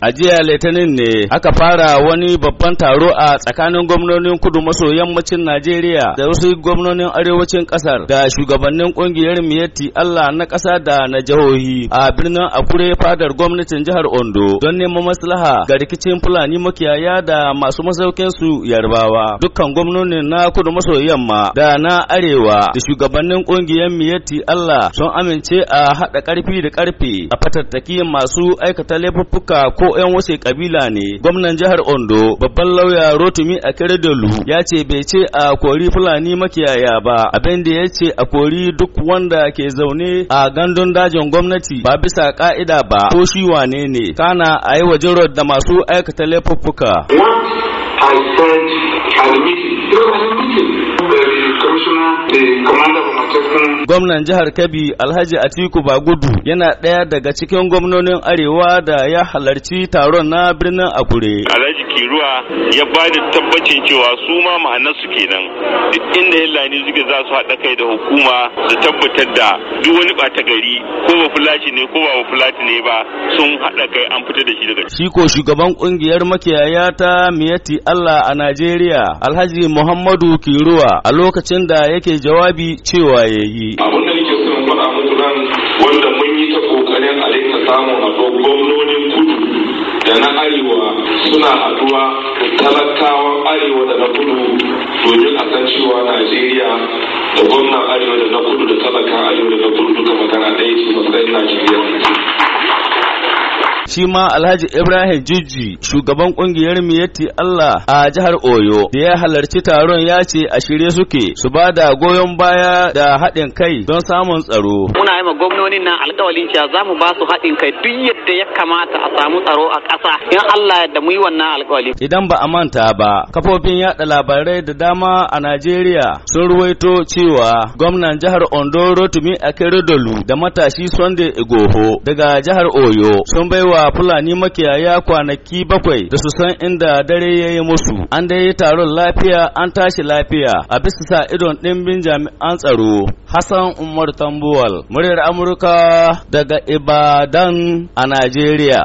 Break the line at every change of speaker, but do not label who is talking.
A jiya Litinin ne aka fara wani babban taro a tsakanin gwamnonin kudu maso yammacin Najeriya da wasu gwamnonin arewacin kasar da shugabannin kungiyar Miyatti Allah na ƙasa da na jihohi a birnin Akure fadar gwamnatin jihar Ondo don neman maslaha ga rikicin Fulani makiyaya da masu masaukin su Yarbawa. Dukkan gwamnonin na kudu maso yamma da na arewa da shugabannin kungiyar Miyatti Allah sun amince a haɗa ƙarfi da ƙarfe a fatattaki masu aikata laifuffuka ko 'yan wasu kabila ne gwamnan jihar Ondo babban lauya Rotumi a lu ya ce bai ce a kori Fulani makiyaya ba abin da ya ce a kori duk wanda ke zaune a gandun dajin gwamnati ba bisa ka'ida ba ko shi wane ne kana a yi wa jirod da masu aikata laifuffuka. I said, Gwamnan jihar Kabi, Alhaji Atiku Bagudu yana ɗaya daga cikin gwamnonin Arewa da ya halarci taron na birnin Akure. Alhaji Kiruwa ya ba da tabbacin cewa su ma ma'anar su kenan duk inda ne suke za su haɗa kai da hukuma da tabbatar da duk wani ɓata gari ko ba fulaci ne ko ba ba ne ba sun haɗa kai an fita da shi daga shi ko shugaban ƙungiyar makiyaya ta Miyati Allah a Najeriya Alhaji Muhammadu Kiruwa a lokacin da da yake jawabi cewa ya yi. Abin da nake son faɗa muku nan wanda mun yi ta ƙoƙarin a dinga samun a gwamnonin kudu da na arewa suna haɗuwa talakawan arewa da na kudu domin a san cewa Najeriya da gwamnan arewa da na kudu da talaka arewa da na kudu duka magana ɗaya ce matsayin Najeriya. shi ma Alhaji Ibrahim Jijji shugaban kungiyar Miyati Allah a jihar Oyo da ya halarci taron ya ce a shirye suke su ba da goyon baya da haɗin kai don samun tsaro. Muna yi ma gwamnonin na alƙawalin cewa za mu ba su haɗin kai duk yadda ya kamata a samu tsaro a ƙasa in Allah yadda mu yi wannan alƙawali. Idan ba a manta ba kafofin yaɗa labarai da dama a Najeriya sun ruwaito cewa gwamnan jihar Ondo Rotimi Akeredolu da matashi Sunday Igoho daga jihar Oyo sun baiwa wa Fulani makiyaya kwanaki bakwai da su san inda dare ya yi musu. An dai yi taron lafiya an tashi lafiya a bisa sa idon ɗimbin jami'an tsaro. Hassan Umar Tambuwal, muryar Amurka daga Ibadan a Najeriya.